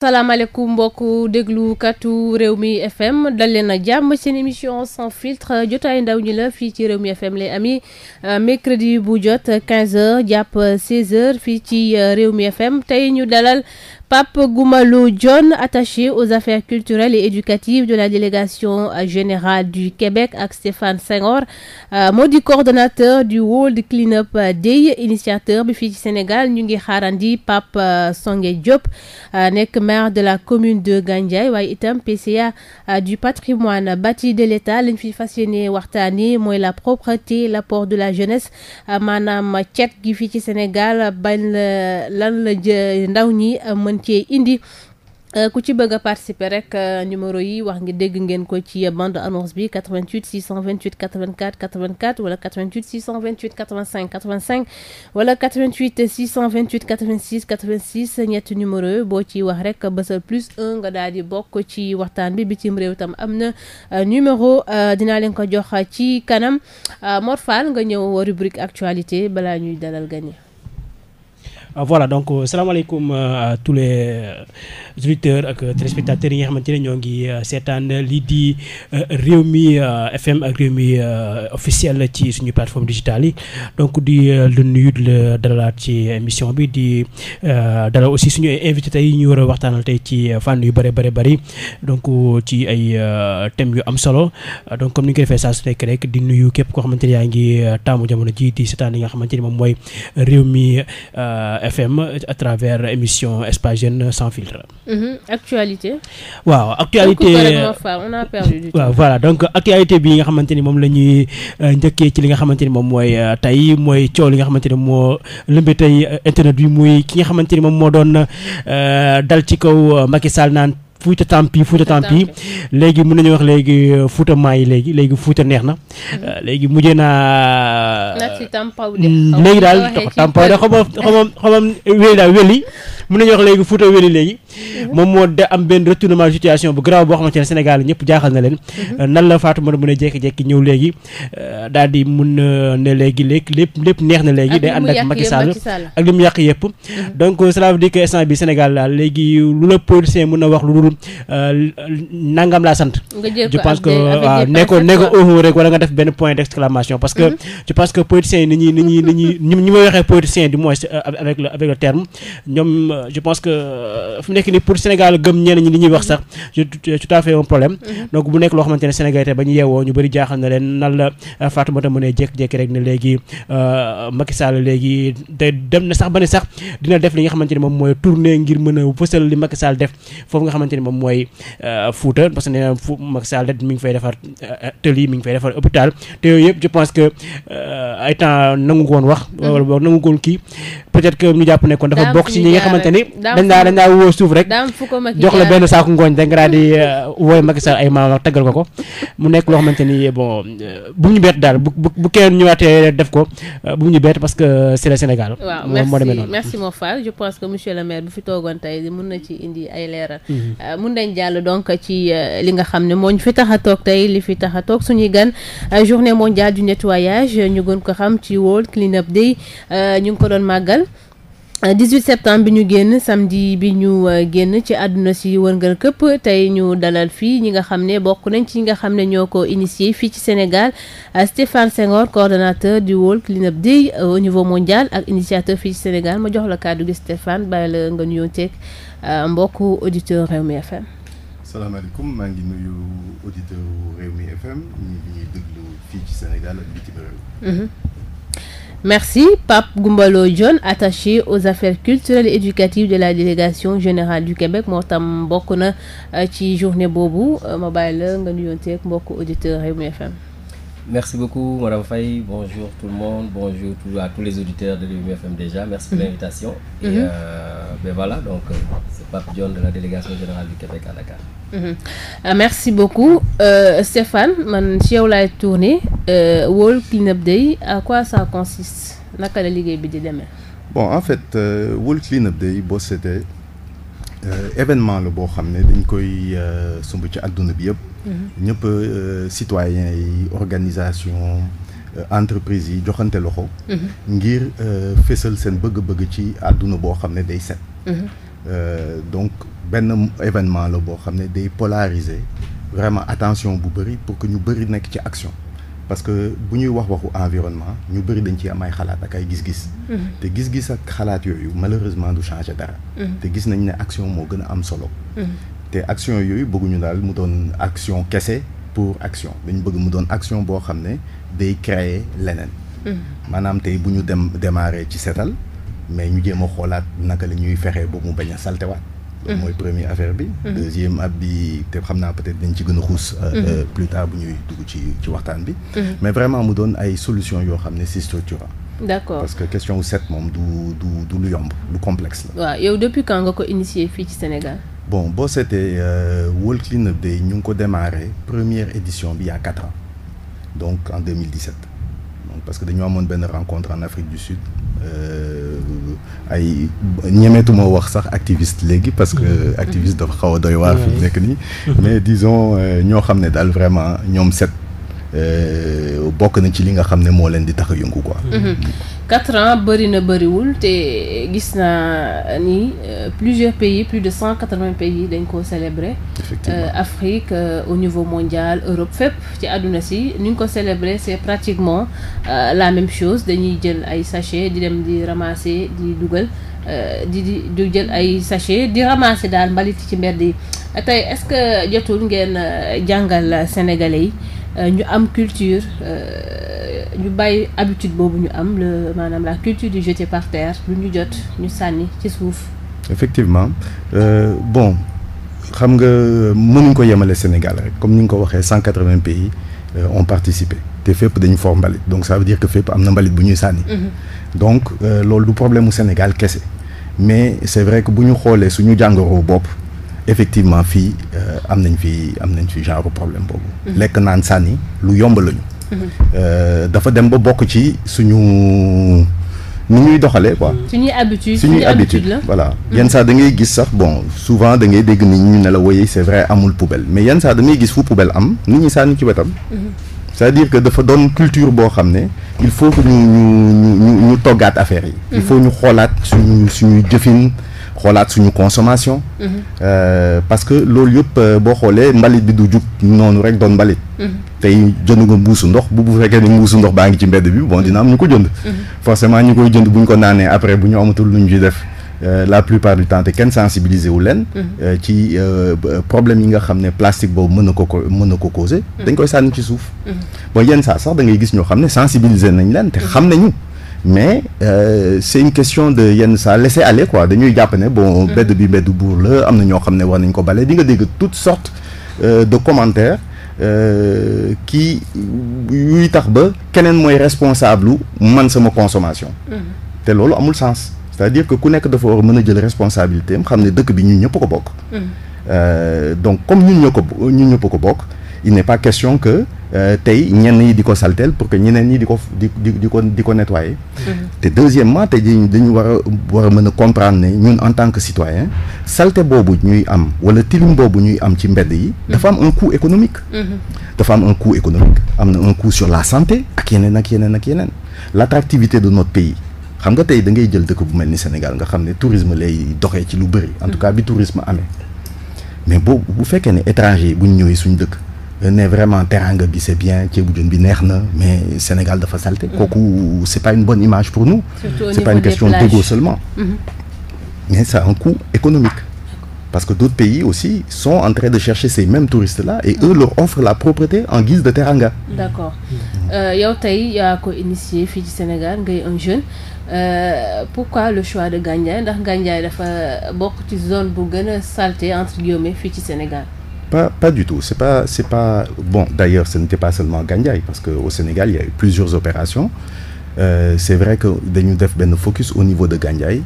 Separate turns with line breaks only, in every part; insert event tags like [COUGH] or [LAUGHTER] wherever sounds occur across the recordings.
salaamaaleykum mbokku katu réew mi FM dal leen a jàmm seen émission sans filtre jotaayu ndaw ñi la fii ci réew mi FM lay amee euh, mercredi bu jot 15h jàpp 16h fii ci euh, réew mi FM tey ñu dalal Pape Goumalou Dione attaché aux affaires culturelles et éducatives de la délégation générale du Québec ak Stéphane Senghor euh, moo di coordonnateur du World Cleanup Day initiateur bi fii ci Sénégal ñu ngi xaarandi Pape euh, Songué Diop euh, nekk maire de la commune de Gandiaye waaye itam PCA euh, du patrimoine bâti de l'État lañ fi fas yéene waxtaani mooy la propreté l'apport de la jeunesse euh, maanaam cet gi fii ci Sénégal bañ la lan la ndaw ñi euh, mën cee indi euh, ku ci bëgg a participer rek euh, numéro yi wax ngi dégg ngeen ko ci bande annonce bi 88 628 84 84 wala 88 628 85 85 wala 88 628 86 86 ñetti numéro yi boo ci wax rek bësal plus 1 nga daal di bokk ci waxtaan bi bitim réew tam am na euh, numéro dinaa leen ko jox ci kanam Mor nga ñëw rubrique actualité balaa ñuy dalal gan
Euh, voilà donc euh, salaamaaleykum euh, à tous les auditeurs ak téléspectateurs yi nga xamante ne ñoo ngi seetaan lii di réew mi FM ak réew mi officiel ci suñu plateforme digitale yi donc di lu nuyu di la dalalaat ci émission bi di dalal aussi suñu invité tey ñu war a waxtaanal tey ci fànn yu bëri bëri bëri donc ci ay thèmes yu am solo donc comme ni ñu koy defee saa su nekk rek di nuyu képp koo xamante ne yaa ngi taamu jamono ji di seetaan yi nga xamante ne moom mooy réew mi. FM à travers émission Espace Jeune sans filtre.
Mhm, actualité.
waaw actualité a perdu du temps. waaw voilà donc actualité bi nga xamante ni moom la ñuy euh, njëkkee ci li nga xamante ni moom mooy euh, tey mooy coow li nga xamante ni moo lëmbe tey euh, internet bi muy ki nga xamante ni moom moo doon dal ci kaw Macky Sall naan. Fuuta Tampi Fuuta Tampi léegi mën nañu wax léegi euh, Fuuta Maay léegi léegi Fuuta neex na mhm. euh, léegi mujjee naa euh,
léegi daal tampaw de xamam
xamam wéli daal wéli mun nañu wax léegi Fouta Weli léegi moom moo de am benn retournement situation bu garaaw boo xamante ne Sénégal ñëpp jaaxal na leen mhm. nan la Fatou mën a mën a jékki-jékki ñëw léegi euh, daal di mun ne léegi léegi lépp lépp neex na léegi day ànd ak Macky Sall ak li mu yàq yëpp mhm. donc euh, cela veut dire que instant Sénégal daal léegi lu la politicien mun na wax lu dul euh, nangam laa sant je pense que waaw nee ko nee ko oho rek wala nga def benn point d'exclamation parce que mhm. je que politiciens yi waxee politicien je pense que euh, fu nekk ni pour Sénégal gëm ñenn ñi li ñuy wax sax c'est tout à problème mhm. donc bu nekk loo xamante Sénégal te ba ñu yeewoo ñu bëri jaaxal na leen nan la euh, Fatoumata mënee jékki-jékki rek ne léegi euh, Macky léegi dem na sax ba ne sax dina def li nga xamante ne moom mooy tournée ngir mën a fësal li Macky Sall def foofu nga xamante ne moom mooy Fouta parce que nee na fu Macky Sall mi ngi fay defar tëli mu ngi fay defar hôpital te yooyu yëpp je pense que ay temps nangu ko wax mhm. wala xamante ni dañ daa dañ daa woo suuf rek
jox la benn saaku
ngooñ da nga daal di euh, wooy Macky Sall ay maam ak taggal ko ko mu nekk loo xamante ni bon euh, bu ñu bett daal bu bu bu kenn ñëwaatee def ko euh, bu ñu bett parce que c'est le Sénégal moo demee noonu merci
Mor Fall je pense que monsieur le maire bu fi toogoon tey mën na ci indi ay leeral mun nañ jàll donc ci li nga xam ne moo ñu fi tax a toog tey li fi tax a toog suñuy gan journée mondiale du nettoyage ñu gën ko xam ci World Clean Up Day ñu ngi ko doon màggal Euh, dix 18 septembre bi ñu génn samedi bi ñu euh, génn ci àdduna si wërngal këpp tey ñu dalal fii ñi nga xam ne bokk nañ ci ñi nga xam ne ñoo ko initié fii ci Sénégal euh, Stéphane Senghor coordonnateur du World Cleanup Day au niveau mondial ak initiateur fii ci Sénégal ma jox la kàddu gi Stéphane bàyyi la nga nuyoo teeg mbokku auditeur Rewmi FM.
salaamaaleykum maa ngi nuyu auditeur Rewmi FM ñu ngi déglu fii ci Sénégal ak bitim réew.
Mm-hmm. Merci pap Goumbalo Dione attaché aux affaires culturelles et éducatives de la délégation générale du Québec moo tam bokk na euh, ci journée boobu euh, ma bàyyi la nga nuyonteeg mbokk auditeurs Rewmi FM.
Merci beaucoup Madame Faye bonjour tout le monde bonjour à tous les auditeurs de Rewmi FM déjà merci pour mm-hmm. Euh, ben voilà, donc euh, c'est Pape Dione
mhm. euh, merci beaucoup euh, Stéphane man ci yow laay tourner World Cleanup Day à quoi ça consiste naka la liggéey bi di demee.
bon en fait euh, World Cleanup Day boo seetee événement la boo xam ne dañ koy sumb ci àdduna bi yëpp. Mhm. ñëpp citoyens yi organisation. entreprise yi joxante loxo. Mhm. ngir euh, fésal seen bëgg-bëgg ci àdduna boo xam ne day set. Mhm. Euh, donc benn événement la boo xam ne day polariser vraiment attention bu bëri pour que ñu bëri nekk ci action. parce que bu ñuy wax waxu environnement ñu bëri dañ ci am ay xalaat ak ay gis-gis. Mhm. te gis-gis ak xalaat yooyu malheureusement du changer dara. te gis nañ ne action moo gën a am solo. te action yooyu bëgguñu daal mu doon action kese pour action dañu bëgg mu doon action boo xam ne. day créer leneen maanaam tey bu ñu dem démarrer ci setal mais ñu jéem a xoolaat naka la ñuy fexee ba mu bañ a saltewaat
loolu mm-hmm. mooy
premier affaire bi mm-hmm. deuxième ab bi te xam naa peut-être dañ ci gën a xuus euh, euh, mm-hmm. plus tard bu ñuy dugg ci ci waxtaan bi mais vraiment mu doon ay solution yoo xam ne si structurant d'accord parce que question wu set moom du du lu yomb lu complexe
la waaw yow depuis quand nga ko initié fii ci Sénégal
bon boo seetee euh, World Cleanup Day ñu ngi ko démarré première édition bi il y donc en 2017 donc parce que dañoo amoon benn rencontre en Afrique du Sud euh, ay ñemeetuma wax sax activiste léegi parce que mm. activiste dafa xaw a doy waar fi nekk nii [LAUGHS] mais disons euh, ñoo xam ne daal vraiment ñoom set euh, bokk na ci li nga xam ne moo leen di tax a yëngu ko
quatre ans bëri na bëriwul te gis naa ni euh, plusieurs pays plus de cent quatre-vingts pays dañ ko célébrer effectivement euh, Afrique euh, au niveau mondial Europe fépp ci àdduna si ni ñu ko célébrer c'est pratiquement euh, la même chose dañuy jël ay sachet di dem di ramasser di dugal di di du jël ay sachet di ramasser daal mbalit ci mbedd yi tey est-ce que jotul ngeen jàngal sénégalais yi Euh, ñu am culture euh, ñu bàyyi habitude boobu ñu am maanaam la culture du jeter par terre lu ñu jot ñu sànni ci suuf.
effectivement euh, bon xam nga mënuñ ko yemale Sénégal rek comme ni nga ko waxee cent quatre vingt pays euh, on participé te fépp dañu for mbalit donc ça veut dire que fépp am na mbalit bu ñuy sànni.
Mm-hmm.
donc loolu du problème mu Sénégal kese mais c'est vrai que bu ñu xoolee suñu jàngoro bopp. effectivement fii euh, am nañ fi am nañ fi genre problème boobu. Mhm. lekk naan sànni lu yomb lañu. Mhm. Euh, dafa dem ba bokk ci suñu. ni ñuy doxalee quoi. Mhm.
suñuy habitude suñuy habitude la
voilà. yenn saa da ngay gis sax bon souvent da ngay dégg nit ñu ne la woyee c'est vrai amul poubelle mais yenn saa damay gis fu poubelle am nit ñi sànni ci wetam. c'est-à-dire que dafa doon culture boo xam ne il faut que ñu ñu ñu toggaat affaire yi. il faut ñu xoolaat suñu suñuy jëfin. xoolaat suñu consommation. Mhm. Euh, parce que loolu yëpp euh, boo xoolee mbalit bi du jug noonu rek doon mbalit. Mhm. tey jënd nga mbuusu ndox bu bu fekkee ni mbuusu ndox baa ngi ci mbedd bi bon dina am ñu ko jënd. Mhm. forcément ñu koy jënd bu ñu ko naanee après bu ñu amatul lu ñu ci def. Euh, la plupart du temps te kenn sensibiliser wu leen. Euh, ci problème yi nga xam ne plastique boobu mën na ko ko mën na ko causer. dañ koy sànni ci suuf. bon yenn saa sax da ngay gis ñoo xam ne sensibiliser nañ leen xam nañu. mais euh, c' une question de yenn saa laisser aller quoi dañuy jàpp ne bon mm. mbedd bi mbedd buur la am na ñoo xam ne war nañ ko bale di nga dégg toutes sortes euh, de commentaires kii euh, yuy tax ba keneen mooy responsable man sama consommation mm. te loolu amul sens c'est-à-dire que ku nekk dafa war mën a jël responsabilité am xam ne dëkk bi ñu ñëpp ko bokk mm. euh, donc comme ñun ñoo ko ñëpp ko bokk il n'est pas question que Euh, tey ñenn yi di ko salteel pour que ñeneen ñi di ko di di di ko di ko nettoyer. Mm-hmm. te deuxièmement tey dañu war a war a mën a comprendre ne ñun en tant que citoyen salte boobu ñuy am wala tilim boobu ñuy am ci mbedd yi. Mm-hmm. dafa am un coût économique. Mm-hmm. dafa am un coût économique am na un coût sur la santé ak yeneen ak yeneen ak yeneen l'attractivité de notre pays. xam nga tey da ngay jël dëkk bu mel ni Sénégal nga xam ne tourisme lay doxe ci lu bëri en tout cas bi tourisme amee mais boo bu fekkee ne étranger bu ñu ñëwee suñu dëkk ne vraiment teranga bi c'est bien ceebu bi neex na mais Sénégal dafa salte mm-hmm. kooku c'est pas une bonne image pour nous c'est pas une question d'ego seulement mm-hmm. mais ça un coût économique parce que d'autres pays aussi sont en train de chercher ces mêmes touristes-là et eux leur offrent la propreté en guise de teranga
d'accord mm-hmm. euh, yow tey yaa ko initié fii ci Sénégal ngay un jeune Euh, pourquoi le choix de Gandiaye ndax Gandiaye dafa bokk ci zone bu gën a fii ci Sénégal
Pas, pas du tout. C'est pas, c'est pas. Bon, d'ailleurs, ce n'était pas seulement Gandiaï, parce qu'au Sénégal, il y a eu plusieurs opérations. Euh, c'est vrai que dañu def benn focus au niveau de Gandiaï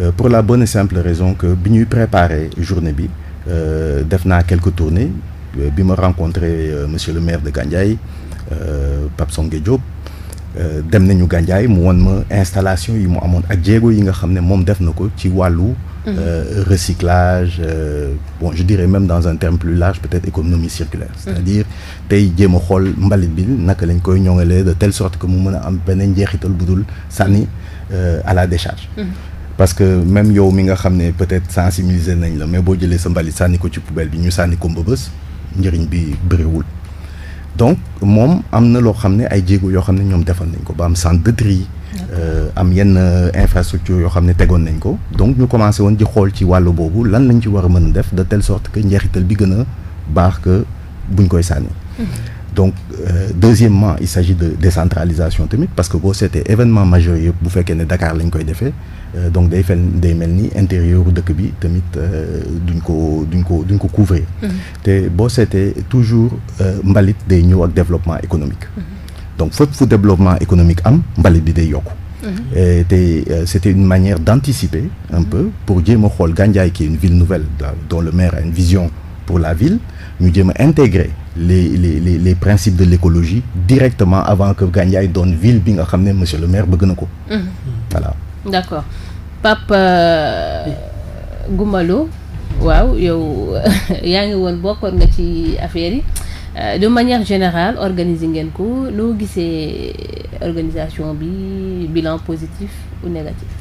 euh, pour la bonne et simple raison que bi ñuy préparer journée bi euh, def naa quelque tournées euh, bi ma rencontré euh, monsieur le maire de Gandiaï Pape Songué Diop dem nañu Gandiaï mu won ma installation yi mu amoon ak jéego yi nga xam ne moom def na ko ci wàllu. euh, mhm. recyclage euh, bon je dirais même dans un terme plus large peut-être économie circulaire mhm. c'est-à-dire tey jéem a xool mbalit bi naka lañ koy ñoŋalee de telle sorte que mu mën a am beneen njeexital bu dul sànni euh, à la décharge mhm. parce que même yow mi nga xam ne peut-être sensibiliser nañ la mais boo jëlee sa mbalit sànni ko ci poubelle bi ñu sànni ko mbëbës njëriñ bi bëriwul donc moom am na loo xam ne ay jéego yoo xam ne ñoom defal nañ ko ba am sant de Euh, am yenn euh, infrastructure yoo xam ne tegoon nañ ko donc ñu commencé woon di xool ci wàllu boobu lan lañ ci war a mën a def de telle sorte que njeexital bi gën a baax que buñ koy sànni
mm-hmm.
donc euh, deuxièmement il s'agit de décentralisation tamit parce que boo seetee événement majeur yëpp bu fekkee ne Dakar lañ koy defee euh, donc day fel day mel ni intérieur dëkk bi tamit duñ ko duñ ko duñ ko couvrir mm-hmm. te boo seetee toujours mbalit day ñëw ak développement économique mm-hmm. donc fépp fu développement économique am mbalit bi day yokk
mhm.
te euh, c'était une manière d'anticiper un peu pour jéem a xool Gandiaye qui est une ville nouvelle dont le maire une vision pour la ville ñu jéem a intégrer les les les les principes de l'écologie directement avant que Gandiaye doon ville bi nga xam ne monsieur le maire bëgg na ko mhm. voilà
d'accord Pape euh, Goumbalo waaw [LAUGHS] yaa ngi woon bokkoon nga ci affaire yi Euh, de manière générale organiser ngeen ko noo gisee organisation bi bilan positif ou négatif.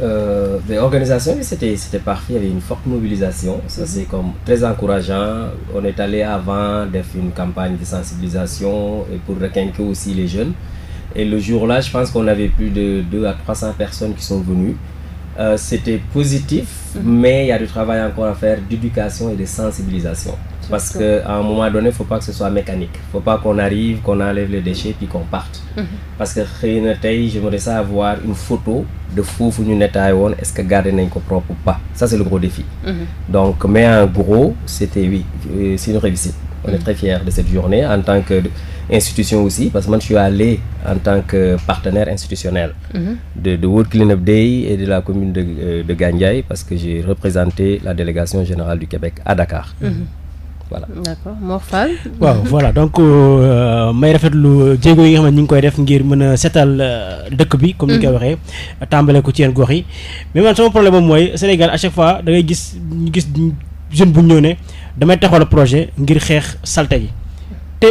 Euh, mais organisation bi c'était c'était parfait il y avait une forte mobilisation ça mhm. c'est comme très encourageant on est allé avant def une campagne de sensibilisation et pour requinquer aussi les jeunes et le jour-là je pense qu'on avait plus de 2 à 300 personnes qui sont venues euh, c'était positif mhm. mais il y a du travail encore à faire d'éducation et de sensibilisation Parce qu'à un moment donné, faut pas que ce soit mécanique. Il ne faut pas qu'on arrive, qu'on enlève les déchets puis qu'on parte. Mm -hmm. Parce que j'aimerais ça avoir une photo de foofu ñu nettoyé woon est-ce que garder nañ ko propre ou pas c'est le gros défi. Mhm. donc mais en gros c'était oui euh, c'est une réussite. on est mhm. très fiers de cette journée en tant que qu'institution aussi parce que moi je en tant que partenaire institutionnel mm -hmm. de, de, World Cleanup commune de, euh, de Gandiaï parce que j'ai représenté la délégation générale à Dakar.
Mhm. voilà. d'accord Mor waaw
voilà donc euh, may rafetlu jéego yi nga xam ne ñu ngi koy def ngir mën a setal euh, dëkk bi. comme ni ñu koy mm-hmm. waxee tàmbale ko ci yenn gox yi. mais man sama problème moom mooy Sénégal à chaque fois dangay gis ñu gis jeune bu ñëw ne damay taxawal projet ngir xeex salte yi te.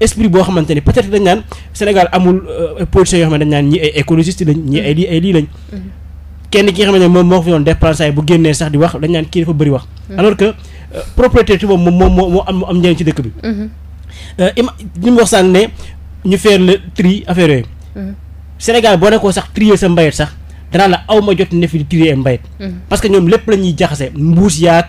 esprit boo xamante ni peut-être dañ naan Sénégal amul euh, politiciens yoo xam ne dañ naan ñi ay écologistes lañ ñi ay lii ay lii
mm-hmm.
kenn ki nga xamante ne moom moo fi doon déplacé ay bu génnee sax di wax dañ naan ki dafa bëri wax mm-hmm. alors que euh, propriété ci moom moom moo moo am am njëriñ ci dëkk bi mm-hmm. euh, ima li mu wax sànq ne ñu faire le tri affaire yooyu Sénégal boo nekkoo sax trier sa mbayet sax danaa la aw ma jot ne fi di trier mbayet parce que ñoom lépp la ñuy jaxase mbuus yaag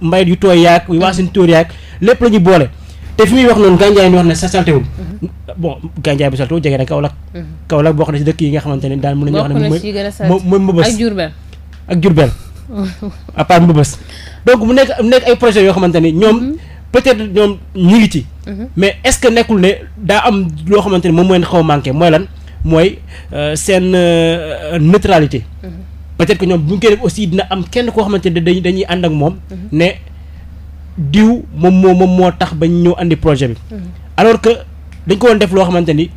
mbayet yu tooy yaag waasin tóor yaag lépp la ñuy boole te fi muy wax noonu gànjaay ni wax ne sa saltewul mhm. bon gànjaay bu saltewul jege na Kaolack mhm. Kaolack bokk na si dëkk yi nga xamante ne daal mën nañu wax ne mooy mbëbës ak Jurbel ak Jurbel [LAUGHS] à part mbëbës donc mu nekk mu nekk projet yoo xamante ne ñoom mhm. peut-être ñoom ñu ngi est-ce que nekkul ne daa am loo xamante ne moom mooy xaw a manqué mooy lan mooy euh, seen euh, neutralité peut-être que ñoom bu ñu aussi dina am kenn koo xamante ne dañuy ànd ak moom ne diw moom moo moom moo tax bañ ñëw andi projet bi. Mhm. alors que dañ ko woon def loo xamante ni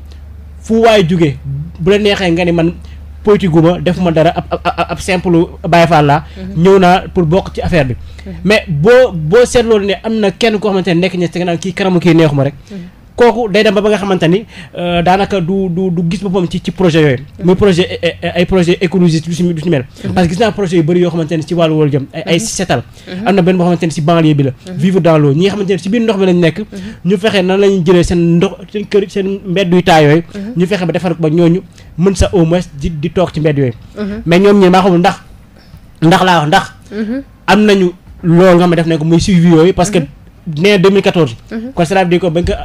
fu waaye jóge bu la neexee nga ni man politique gu ma def ma dara ab ab ab simple Baye mhm. ñëw naa pour bokk ci affaire bi. Mhm. mais boo boo seetloo ne am na kenn koo xamante ne nekk na si nga naan kii kanamu ki neexuma rek. kooku day dem ba ba nga xamante ni euh, daanaka du du du gis boppam ci ci projet yooyu mm-hmm. muy projet eh, eh, eh, ay projet écologiste lu si lu si mel mm-hmm. parce que gis naa projet yu bëri yoo xamante ne si wàllu wóolu jëm ay ay mm-hmm. setal am na benn boo xamante ne si bi la vivre dans l'eau ñi nga xamante ne si biir ndox bi lañ nekk ñu fexe nan lañu jëlee seen ndox seen kër seen mbedd yu taa yooyu ñu fexe ba defar ko ba ñooñu mën sa au moins di di toog ci mbedd yooyu mais ñoom ñi maa xamul ndax ndax am nañu loolu nga xam ne def nañ ko muy suivi yooyu nee 2014. Mhm. kon cela veut dire que ba nga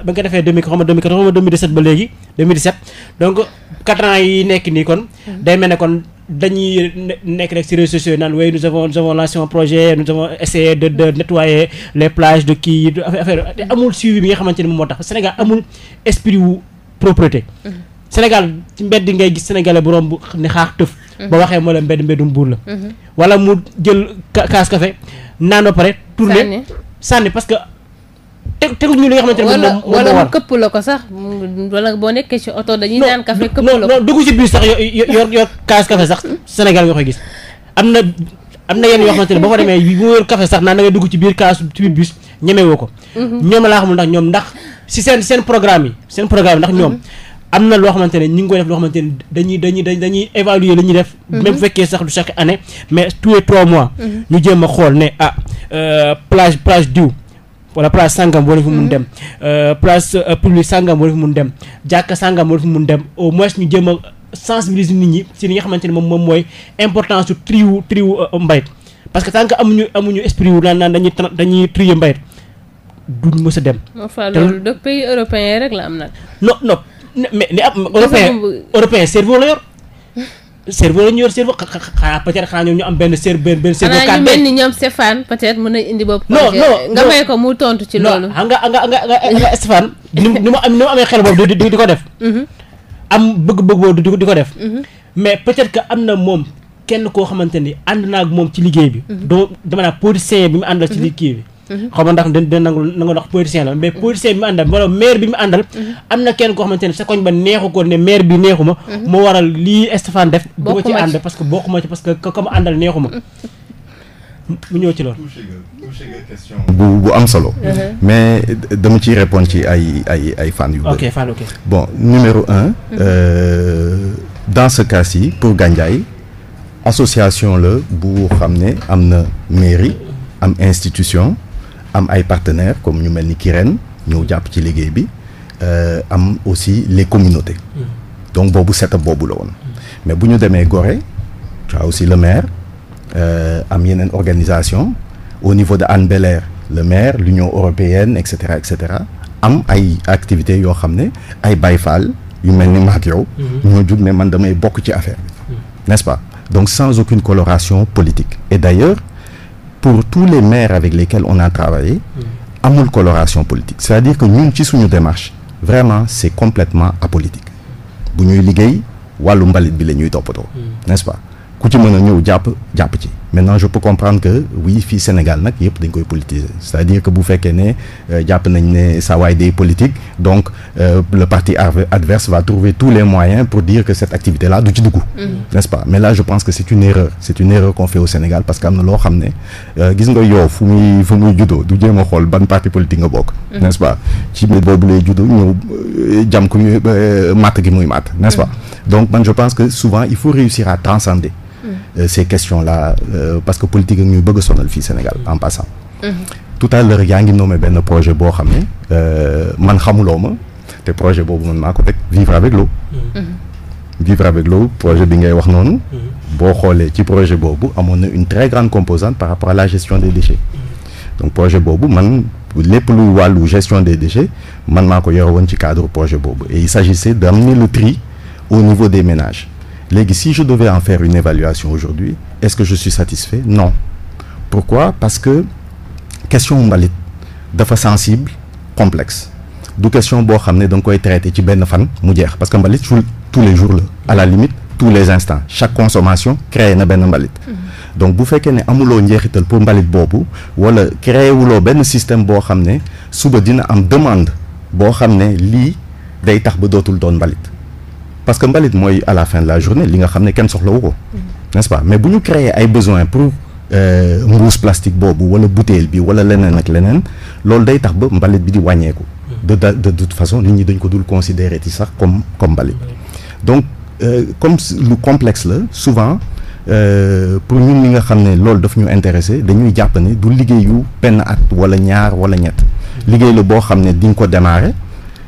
ko ba nga ko defee 2000 xaw ma 2014 xaw ma 2017 ba léegi 2017 donc 4 yi nekk nii kon. Mhm. day mel ne kon dañuy nekk rek ci réseaux sociaux yi naan oui nous avons nous avons projet nous avons essayé de de nettoyer les plages de kii affaire te amul suivi bi nga xamante ni moom moo tax Sénégal amul esprit wu propreté. Mhm. Sénégal ci mbedd ngay gis sénégalais bu romb xaax tëf. ba waxee moo la mbedd mbeddum buur la. teg teguñu li nga xamante ne moom moo
war wala boo nekkee ci oto dañuy naan café këpp
la ko non dugg ci biir sax yor yor kaas café sax Sénégal nga koy gis am na am na yenn yoo xamante ne boo fa demee bu kafe sax naan da ngay dugg ci biir kaas ci biir bus ñemewoo ko mhm. ñoom laa xamul ndax ñoom ndax si seen seen programme yi seen programme ndax ñoom mhm. am na loo xamante ne ñu ngi koy def loo xamante ne dañuy dañuy dañuy évaluer li ñuy def. Mhm. même bu fekkee sax lu chaque année mais tous les trois mois. ñu jéem a xool ne ah euh, plage plage diw. wala place sangam wala fi mun mhm. dem euh, place euh, publique sangam wala fi mun dem jàkka sangam wala fi mun dem au moins ñu jéem a sensibiliser nit ñi ci li nga xamante ne moom moom mooy importance su triwu triwu euh, mbayit parce que tant amuñu amuñu esprit wu naan naan dañuy dañuy trier mbayit du mës a dem.
te loolu de pays européen rek la am nag.
non non la yor. cerveau la ñu yor cerveau xanaa peut être xanaa ñoom ñu am benn cerveau benn benn cerveau. xanaa ñu mel
ni ñoom Stéphane peut être mën na indi bopp. non non nga may ko mu tontu ci loolu.
non nga di ko def. Mhm. am bëgg-bëgg boobu di ko def. Mhm. mais peut être que am na moom kenn koo xamante ni ànd naa ak moom ci liggéey bi. Mhm. doo dama naa politicien bi mu àndal ci liggéey bi. xaw ma ndax den den nangu nangu ndax politicien la mais politicien bi mu àndal wala maire bi mu àndal am na kenn koo xamante ne sa koñ ba neexu ko ne maire bi neexu ma mhm. moo waral lii Stéphane def bu ma ci ànd parce que bokkuma ci parce que ka ma àndal neexu ma mu ñëw ci lool
question
bu bu am solo mhm. mais dama ciy répondre ci ay ay ay fànn yu bëri ok ok bon numéro un mhm. euh, dans ce cas yi pour Gandiaye association la bu xam ne am na mairie am institution am ay partenaires comme ñu mel ni Kirène ñu jàpp ci liggéey bi euh, am aussi les communautés. Mm. donc boobu setup boobu la woon. mais bu ñu demee gore tu as aussi le maire euh, am yeneen organisation au niveau de Hann bel le maire l'Union européenne et cetera et cetera am ay activités yoo xam ne ay Baye Fall yu mel ni maak yow. Mm-hmm. ñoo jug ne man damay bokk ci affaire bi. Mm. n'est-ce pas donc sans aucune coloration politique et d'ailleurs. pour tous les maires avec lesquels on a travaillé mm. amul coloration politique c'est-à-dire que ñun ci suñu démarche vraiment c'est complètement apolitique bu ñuy liggéey wàllu mbalit bi la ñuy toppatoo mm. n'est-ce pas ku ci mën a ñëw jàpp jàpp ci maintenant je peux comprendre que oui fii Sénégal nag yëpp dañ koy politiser c'est-à-dire que bu fekkee ne euh, jàpp nañ ne saa waay day politique donc euh, le parti adverse va trouver tous les moyens pour dire que cette activité là du ci dugg mm-hmm. n'est-ce pas mais là je pense que c'est une erreur c'est une erreur qu'on fait au Sénégal parce que am na loo xam ne euh, gis nga yow fu muy fu muy juddoo du jéem a xool ban parti politique nga bokk mm-hmm. n'est-ce pas ci boobu lay juddoo ñëw euh, jam ku gi muy màtt mm-hmm. pense que souvent faut réussir à transcender Mm-hmm. Euh, ces questions là euh, parce que politique ak ñuy bëgg a sonal fii Sénégal en passant. Mm-hmm. tout à l'heure yaa ngi nommé benn projet boo xam ne euh, man xamuloo ma te projet boobu man maa ko teg vivre avec l'eau mm-hmm. vivre avec projet bi ngay wax noonu boo xoolee ci projet boobu amoon na une très grande composante par rapport à la gestion des déchets donc projet boobu man lépp lu wàllu gestion des déchets man maa ko yore woon ci cadre projet boobu et il s'agissait d'amener le tri au niveau des ménage léegi si je devais en faire une évaluation aujourd'hui est-ce que je suis satisfait non pourquoi parce que question mbalit dafa sensible complexe du question boo xam ne da nga koy traité ci benn fan mu jeex parce que mbalit tous les jours la à la limite tous les instants chaque consommation créé na benn mbalit mm-hmm. donc bu fekkee ne amuloo njeexital pour mbalit boobu wala créé wuloo benn système boo xam ne suba dina am demande boo xam ne lii day tax ba dootul doon mbalit parce que mbalit mooy à la fin de la journée li nga xam ne kenn soxlawu ko n'est-ce mais bu ñu créer ay besoins pour euh, mbuus plastique boobu wala bouteille bi wala leneen ak leneen loolu day tax ba mbalit bi di wàññeeku de de toute façon nit ñi dañ ko dul considérer ci sax comme comme mbalit donc euh, comme lu complexe la souvent euh, pour ñun ñi nga xam ne loolu daf ñu intéressé dañuy jàpp ne du liggéeyu benn at wala ñaar wala ñett liggéey la boo xam ne di nga ko démarrer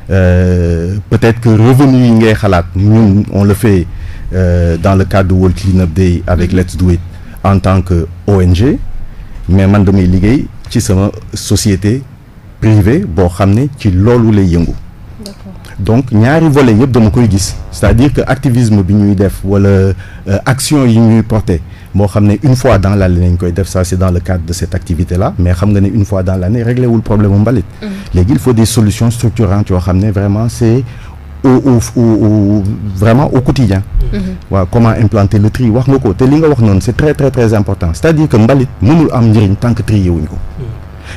Euh, peut-être que revenu yi ngay xalaat ñun on le fait euh, dans le cadre de World Clean Up Day avec mm-hmm. Let's Do en tant que ONG mais man damay liggéey ci sama société privée boo xam ne ci loolu lay yëngu donc ñaari volet yëpp dama koy gis c'est-à-dire que activisme bi ñuy def wala euh, action yi ñuy porter moo xam ne une fois dans l'année lañ koy def ça c'est dans le cadre de cette activité là mais xam nga ne une fois dans l'année réglé wul problème mu mbalit mm. léegi il faut des solutions structurantes yoo xam ne vraiment c'est au au vraiment au quotidien mm-hmm. waaw mm -hmm. ouais, comment implanter le tri wax nga ko te li nga wax noonu c'est très très très important c'est-à-dire que mbalit mënul am njëriñ tant que trier wuñ ko mm.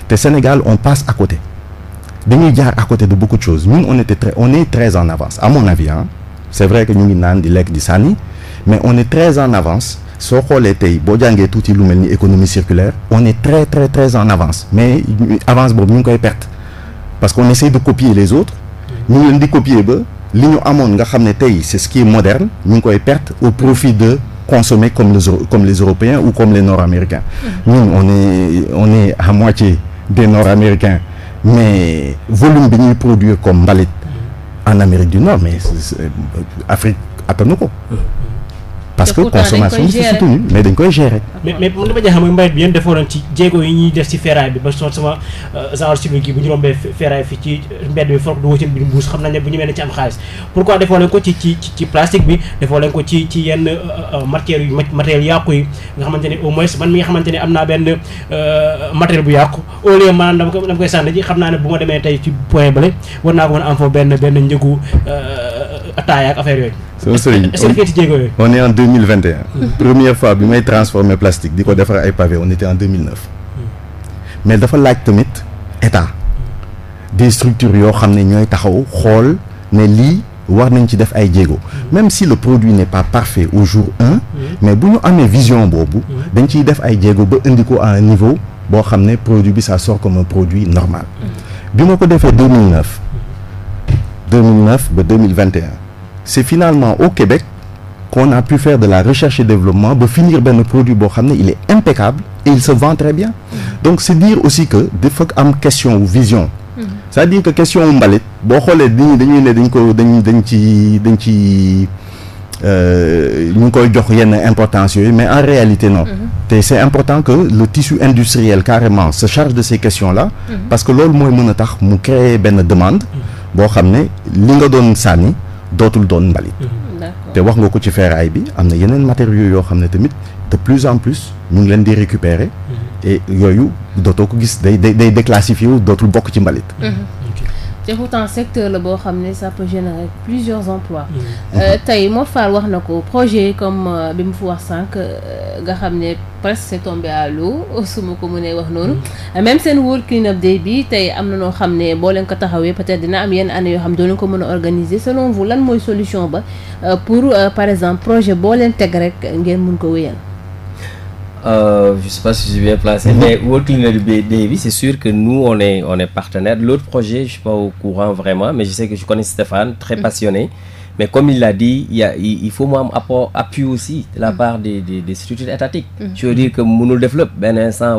te Sénégal on passe à côté dañuy jaar à côté de beaucoup de choses ñun on était très on est que ñu ngi naan di lekk di sànni mais on est très en avance soo xoolee tey boo jàngee tuuti lu mel ni économie circulaire on est très très très en avance mais avance boobu ñu ngi koy perte parce que on de copier les autres ñu ngi leen di copier ba li ñu amoon nga xam ne tey c'est ce qui est moderne ñu ngi koy perte au profit de consommer comme les comme les Européens ou comme les Nord-Américains mmh. ñun on est on moitié des Nord-Américains mais volume bi ñuy produire comme mbalit en Amérique du Nord mais Afrique attanu ko mmh.
parce que consommation bi c'est soutenu mais dañ koy gérer. mais mais li ma euh, fi ci mbedd bi xam nañ ne bu ñu mel ne ci am xaalis pourquoi defoo leen ko ci ci ci euh, euh, yi nga xamante ne au moins man mi nga xamante ne am naa benn matériel bu yàqu au lieu maanaam dama dama koy sànni xam naa ne bu ma demee tey ci point bële war naa ko mën am foofu benn benn njëgu ataaya ak affaire yooyu.
sama sëriñ est-ce on est en mille vingt et un. première fois bi may transformer plastique di ko defar ay pavé on était en deux mais dafa laaj tamit état. des structures yoo xam ne ñooy taxaw xool ne lii wax nañ ci def ay jéego même si le produit n'est pas parfait au jour un mais bu ñu amee vision boobu dañ ciy def ay jéego ba indi ko à un niveau boo xam ne produit bi ça sort comme un produit normal bi ma ko defee 2009 2009 ba 2021 c'est finalement au Québec qu'on a pu faire de la recherche et développement ba finir benn produit boo xam ne il est impeccable et il se vend très bien mm-hmm. donc c'est dire aussi que dafa am question ou vision mm-hmm. c'est-à-dire que question wu mbalit boo xoolee dañuy dañuy ne dañ ko dañ dañ ci dañ ci euh, ñu ngi koy jox yenn importance yooyu mais en réalité non mm-hmm. te c'est important que le tissu industriel carrément se charge de ces questions-là parce que loolu mooy mën a tax mu créer benn demande boo xam ne li nga doon sànni dootul doon mbalit. Mm-hmm. te wax nga ko ci feeraay bi am na yeneen matériaux yoo xam ne tamit de plus en plus ñu ngi leen di récupérer mm-hmm. et yooyu dootoo ko gis day day day déclassifié wu dootul bokk ci mbalit.
Mm-hmm. te pourtant secteur la boo xam ne ça peut générer plusieurs emplois mm. euh, tey moo Fall wax na ko projet comme euh, bi mu fi wax sànq euh, nga xam ne presque c'est tombé à l'eau [LAUGHS] su ma ko mun mënee wax noonu mm. même seen woor Clean Up Day bi tey am na noo xam ne boo leen ko taxawee peut-être dina am yenn année yoo xam ne doo leen ko mën a organiser selon vous lan mooy solution ba pour par exemple projet boo leen teg rek ngeen mun ko wéyal
Euh, je ne sais pas si je suis bien placé, mais mhm. Working partenaire. L'autre projet, je ne suis au courant vraiment, mais je sais que je connais Stéphane, très mhm. passionné. Mais comme il l'a dit, il, y a, il, il faut moi apport, appui aussi de la mhm. part des, des, des structures étatiques. Je veux dire que nous développe, ben instant,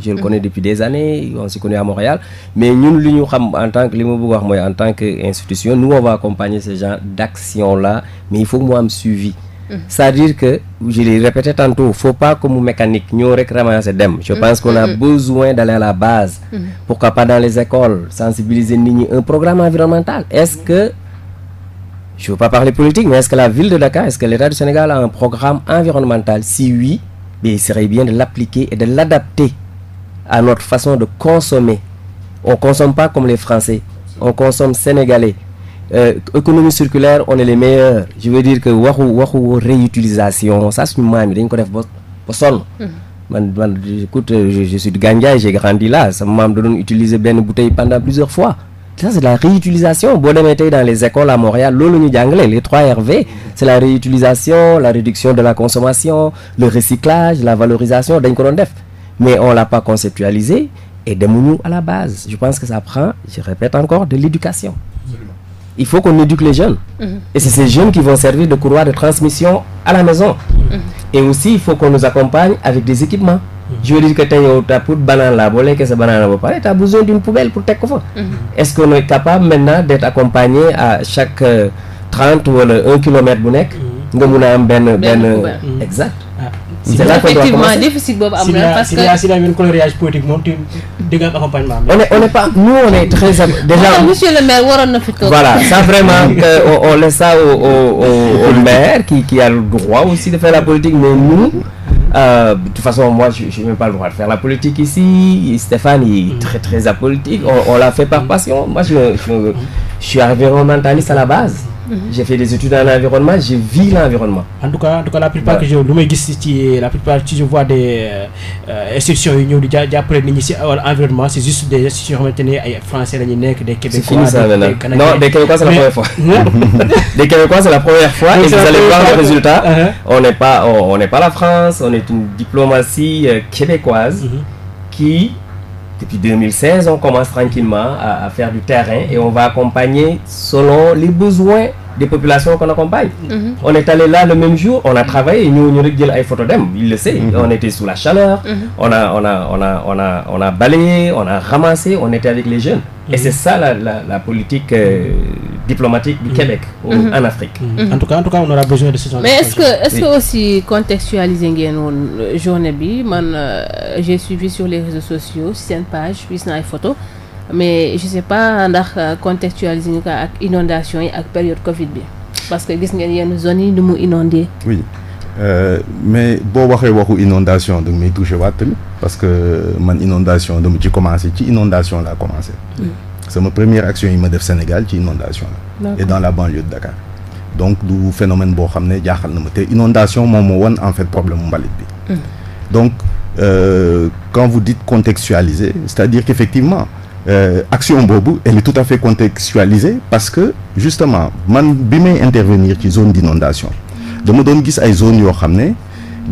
je le connais depuis des années, on se connaît à Montréal. Mais nous, en tant que en tant qu'institution, nous, on va accompagner ces gens d'action-là, mais il faut moi me suivi. c'est-à-dire que je l'ai répété tantôt faut pas que mu mécanique ñëw rek ramasser dem je pense qu'on a mm-hmm. besoin d'aller à la base mm-hmm. pourquoi pas dans les écoles sensibiliser nit ñi un programme environnemental est-ce que je veux pas parler politique mais est-ce que la ville de Dakar est-ce que l'État du Sénégal a un programme environnemental si oui mais il serait bien de l'appliquer et de l'adapter à notre façon de consommer on consomme pas comme Euh, économie circulaire on est les meilleurs je veux dire que waxu waxu réutilisation saa suñu maam yi dañ ko def ba ba sonn mm-hmm. man man écoute je suis de Gandiaye j'ai grandi là sama maam da doon utiliser benn bouteille pendant plusieurs fois c'est la réutilisation boo demee tey dans les écoles à Montréal loolu ñu jàngale les 3 RV c'est la réutilisation de la consommation le recyclage la valorisation dañ ko doon def mais on l'a pas conceptualisé et demuñu à la base je pense que ça prend je répète encore de l'éducation il faut qu'on éduque les jeunes. Mmh. Et c'est ces jeunes qui vont servir de courroie de transmission à la maison. Mmh. Et aussi, il faut qu'on nous accompagne avec des équipements. Mhm. Je veux dire que tu as pour banane là, que ce banane là, tu as besoin d'une poubelle pour tes coffres. Mhm. Est-ce qu'on est capable maintenant d'être accompagné à chaque euh, trente ou 1 km bu nekk mhm. nga mun a am benn ben
exact c'est là qu'on doit commencer déficit boobu am na parce que s'il y a s'il y a
une coloriage politique moom tu di nga am accompagnement.
on est on très
déjà
monsieur voilà
ça vraiment [LAUGHS] on laisse ça au maire qui qui droit aussi de faire la politique mais nous. Euh, de toute façon moi je je n'ai la politique ici Stéphane très très apolitique on, on l'a fait par passion moi je je, je suis à la base. Mhm. j'ai fait des études en environnement j'ai vu l'environnement
en tout cas en tout cas la plupart que je lu la plupart ci je vois des euh, institutions yu ñëw di jàppale nit si wàllu environnement c'est juste des institutions yoo français la ñuy nekk des Québécois non des Québécois c'est la première fois
[LAUGHS] des Québécois c'est vous allez voir résultat uh-huh. on n'est pas la France on est une diplomatie euh, québécoise mm-hmm. qui depuis 2016, on commence tranquillement à, à, faire du terrain et on va accompagner selon les besoins des populations qu'on accompagne. Mm-hmm. On est allé là le même jour, on a mm-hmm. travaillé, nous, nous avons des photos d'em, il sait, mm-hmm. on était sous la chaleur, on, a, on, balayé, on a ramassé, on était avec les jeunes. Et c'est ça la, la, politique euh, diplomatique du mm-hmm. Québec ou mm-hmm. en Afrique. Mm-hmm. en tout cas en tout cas on aura
besoin de mais est-ce que
aussi contextualiser ngeen woon euh, journée bi man euh, j'ai suivi sur les réseaux sociaux seen page gis naa photo mais je sais pas ndax euh, contextualiser ñu ak inondation yi ak période Covid bi parce que gis ngeen yenn zones yi nu mu inondé.
oui mais boo waxee waxu inondation danga may touché waat tamit parce que man inondation mu ci commencé ci inondation la commencé. Mm. sama première action yi ma def Sénégal ci inondation la et dans la banlieue de Dakar donc du phénomène boo xam ne jaaxal na ma te inondation moom moo won en fait problème mu mbalit bi donc euh, quand vous dites contextualiser c'est-à-dire qu'effectivement euh, action boobu elle est tout à fait contextualisée parce que justement man bi may intervenir ci zone d'inondation dama doon gis ay zone yoo xam ne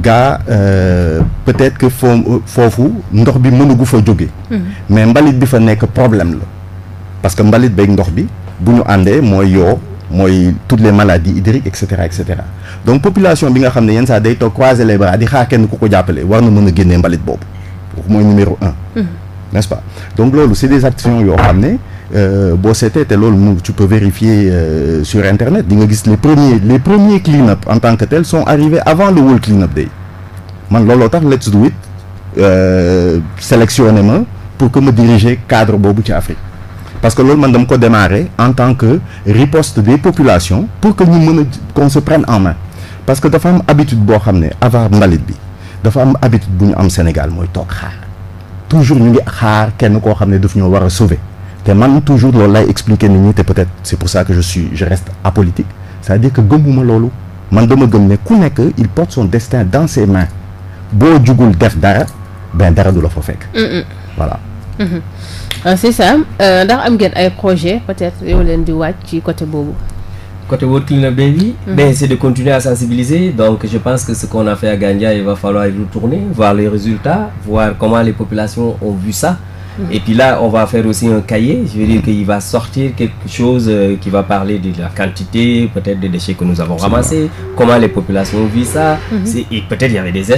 gaa euh, peut-être que foo foofu ndox bi mënugu fa jóge mais mbalit bi fa nekk problème la parce que mbalit beeg ndox bi bu ñu àndee mooy yoo mooy toutes les maladies hydriques et cetera et cetera donc population bi nga xam ne yenn saa day toog croiser les bras di xaar kenn ku ko jàppale war na mën a génnee mbalit boobu mooy numéro un. Hmm. n'est-ce donc loolu c'est des actions yoo xam ne. Euh, boo seetee te loolu mu ci peux vérifier euh, sur internet di nga gis les premiers les premiers clean-up en tant que tels sont arrivés avant le World clean Day man looloo tax Let's Do It euh, sélectionné ma pour que ma diriger cadre boobu ci Afrique parce que loolu man dama ko démarrer en tant que riposte des populations pour que ñu mën a qu'on se prenne en main parce que dafa am habitude boo xam ne avant mbalit bi dafa am habitude bu ñu am Sénégal mooy toog xaar toujours ñu ngi xaar kenn koo xam ne daf ñoo war a sauver te man toujours loolu lay expliquer nit ñi te peut-être c'est pour ça que je suis je reste apolitique c'est-à-dire que gëmuma loolu man dama gëm ne ku nekk il porte son destin dans ses boo jugul def dara ben dara du la fa fekk voilà
Mhm. Euh, c'est ça euh, ndax am ngeen ay projet peut-être yoo leen di wàcc ci côté boobu.
côté World Cleanup Day bi. mais c'est de continuer à sensibiliser donc je pense que ce qu'on a fait à Gandia il va falloir y retourner voir les résultats voir comment les populations ont vu ça. Mhm. Et là, on va faire aussi un cahier. Je veux dire qu'il va sortir quelque chose euh, qui va parler de la quantité, peut-être des déchets que nous avons ramassés, comment les populations vivent ça. Mhm. Et peut-être il y des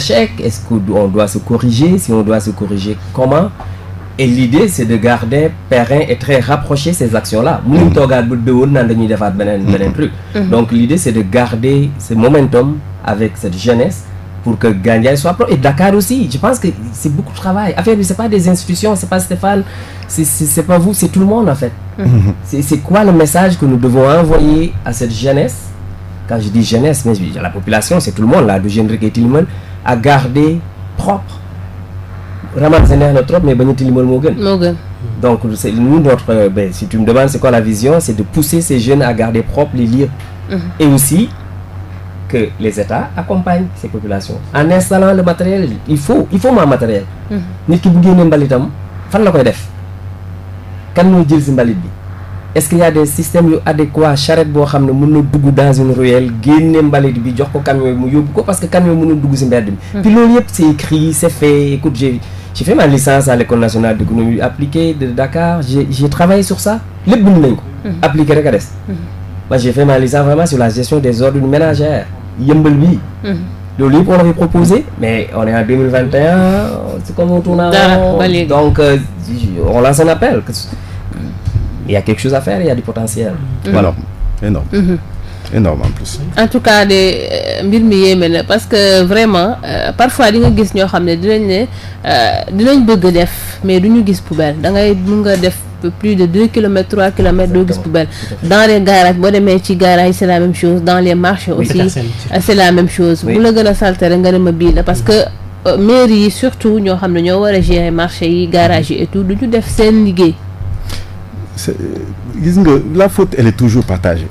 et l'idée c'est de garder périn et très rapproché ces actions là mënuñ toogaat bu déwoon naan dañuy defaat beneen mhm. beneen truc mhm. donc l'idée c'est de garder ce momentum avec cette jeunesse pour que Gandiaye soit pro et Dakar aussi je pense que c'est beaucoup de travail affaire c'est pas des institutions c'est pas Stéphane c'est tout le monde en fait mhm. c'est c'est le message que nous devons envoyer à cette jeunesse quand je dis jeunesse mais la population c'est tout le monde ramasser neex na trop mais bañ a tilimal moo gën. moo gën. donc c'est nous notre euh, ben si tu me demandes c'est quoi la vision c'est de pousser ces jeunes à garder propre les lieux. Mm-hmm. et aussi que les États accompagnent ces populations en installant le matériel il faut il faut ma matériel. Mm-hmm. nit ki bu génnee mbalitam fan la koy def kan mooy jël si mbalit bi. est-ce qu'il y a des systèmes yu adéquats charrette boo xam ne mën na dugg dans une ruelle génne mbalit bi jox ko camion yi mu yóbbu ko parce que camion yi mën na dugg si mbedd bi. Mm-hmm. puis j'ai fait ma licence à l'école nationale d'économie appliquée de Dakar j'ai j'ai sur ça lépp bind nañ ko mhm. appliqué rek a des mhm. moi j'ai fait ma licence vraiment sur la gestion des ordures ménagères yëmbal bii mhm. loolu yëpp on avait proposé mais on est en 2021 comme on tourne donc euh, on lance un appel a quelque chose à faire il a du potentiel alors énorme énorme en
en tout cas de euh, mbir mi yéeme na parce que vraiment euh, parfois di nga gis ñoo xam ne dinañ ne euh, dinañ bëgg def mais du ñu gis poubelle da ngay mun nga def plus de deux kilomètres trois kilomètres doo gis poubelle dans les garages boo demee ci garage c'est la même chose dans les marchés aussi euh, c'est la même chose bu la gën a salte rek nga ne ma bii la parce que mairie yi surtout ñoo xam ne ñoo war a gérer marché yi garage yi et tout du ñu def seen liggéey
gis nga la faute elle est toujours partagée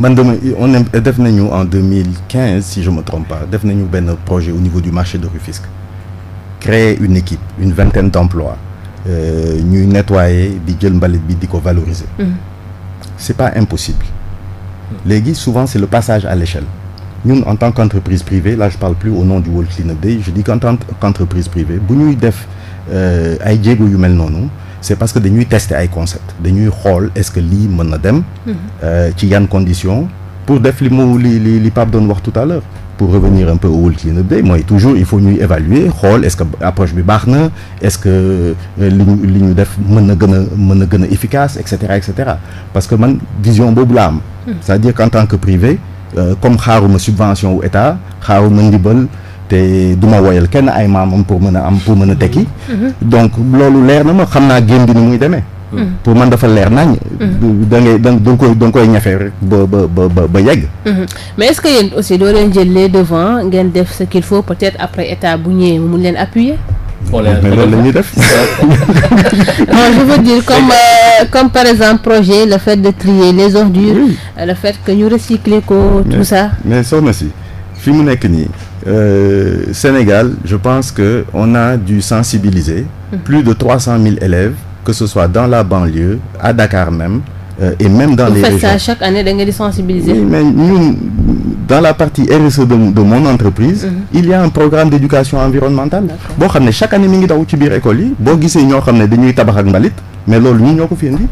man dama on def nañu en 2015 si je me trompe pas def nañu benn projet au niveau du marché de Rufisque créer une équipe une vingtaine d'emplois euh, ñuy nettoyer di jël mbalit bi di ko valoriser
mm-hmm.
c'est pas impossible léegi souvent c'est le passage à l'échelle ñun en tant qu'entreprise privée là je parle plus au nom du World Cleanup Day je dis qu'entreprise privée bu ñuy def euh, ay jéego yu mel noonu c'est parce que dañuy tester ay concept dañuy xool est-ce que lii mën na dem euh, ci yan condition pour def li mu li li li Pape doon wax tout à l'heure pour revenir un peu au World Cleanup Day mooy toujours il faut ñuy évaluer xool est-ce que approche bi baax na est-ce que euh, li ñu li ñu def mën na gën a mën na gën a efficace et cetera et cetera parce que man vision boobu laa am hmm. c'est-à-dire qu'en tant que privé euh, comme xaaruma subvention wu état xaaruma ndimbal te du ma woyal kenn ay maamam pour mën a am pour mën a tekki. donc loolu leer na ma xam naa génn bi ni muy demee. pour man dafa leer nañ. da ngay da nga koy da koy ñafe rek ba ba ba ba
que yéen aussi doo leen jël les devants ngeen def ce qu'il faut peut-être après état bu ñëwee mu mun leen appuyer.
mais loolu la ñuy def. [LAUGHS]
non je veux dire euh, projet le fait de trier les ordures. Oui. fait que ñu recycler ko tout mais, ça.
mais soxna si fi mu nekk nii. euh, Sénégal je pense que on a du sensibiliser mhm. plus de trois cent mille élèves que ce soit dans la banlieue à Dakar même euh, et même dans Vous les régions ça
chaque année da ngeen di sensibiliser. mais ñun
dans la partie RSE de de mon entreprise. Mm -hmm. il y a un programme d'éducation environnementale. boo xam ne chaque année mi ngi daw ci biir école yi boo gisee ñoo xam ne dañuy tabax ak mbalit mais loolu ñun ñoo ko fi indi. Mhm.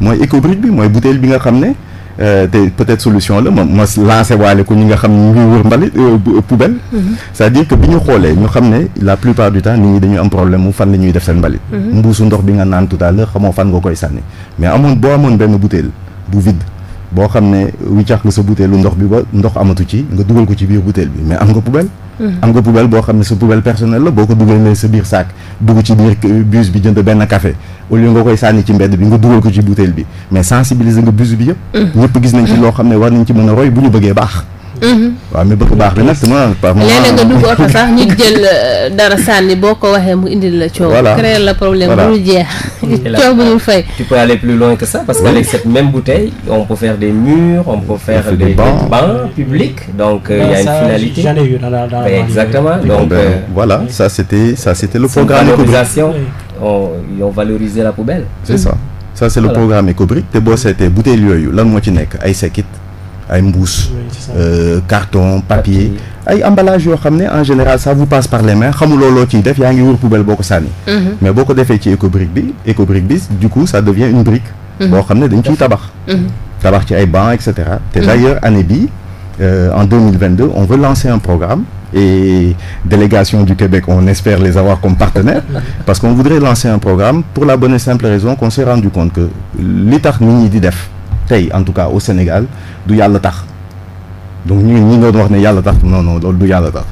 mooy écobrique bi mooy bouteille bi nga xam ne. Euh, te peut-être solution la ma ma lancé waale ko ñi nga xam ñu ngi wër mbalit euh, euh, poubelle. Mhm. cest dire que bi ñu xoolee ñu xam ne la plupart du temps nit ñi dañu am problème mu fan la ñuy def seen mbalit. Mhm. mbuusu ndox bi nga naan tout à l'heure xamoo fan nga koy sànni mais amoon boo amoon benn butéel bu vide. boo xam ne wiccax nga sa butéelu ndox bi ba ndox amatu ci nga dugal ko ci biir butéel bi mais am nga poubelle. Mhm. am nga poubelle boo xam ne sa poubelle personnelle la boo ko dugalee sa biir saak dugg ci biir bus bi jënd benn café au lieu nga koy sànni ci mbedd bi nga dugal ko ci butéel bi mais sensibiliser nga bus bi yëpp. Mhm. ñëpp gis nañ ci loo xam ne war nañ ci mën a roy bu ñu bëggee baax. Mm-hmm. waaw mais bëgg baax bi nag sama. léeg-léeg nga dugg oto sax ñu [LAUGHS] jël
euh, dara sànni boo ko waxee mu indil la coow. voilà créer la problème bu dul jeex. [LAUGHS] coow bu dul fay.
tu que ça cette même bouteille on peut faire des murs on peut faire des, bancs, publics donc
euh, non, y a une
finalité.
exactement donc euh, voilà ça c'était ça c'était programme. valorisation
on ils la poubelle. c'est ça
ça c'est le programme Ecobrick te boo seetee bouteille yooyu lan moo ci nekk ay sekit. ay mbuus euh, carton papier ay emballage yoo xam ne en général ça vous passe par les mains xamuloo loo ciy def yaa ngi wër poubelle boo ko sànni mhm. mais boo ko defee ci écobrique bi écobrique bi du coup ça devient une brique mhm. boo xam ne dañ ciy tabax mhm. tabax ci ay banc et cetera te d'ailleurs année bi Euh, en 2022 on veut lancer un programme et délégation du Québec on espère les avoir comme partenaires parce qu'on voudrait lancer un programme pour la bonne et simple raison qu'on s'est rendu compte li tax nit di def tey en tout cas au Sénégal du yàlla tax donc ñu ñi nga doon wax ne yàlla tax non no loolu du yàlla tax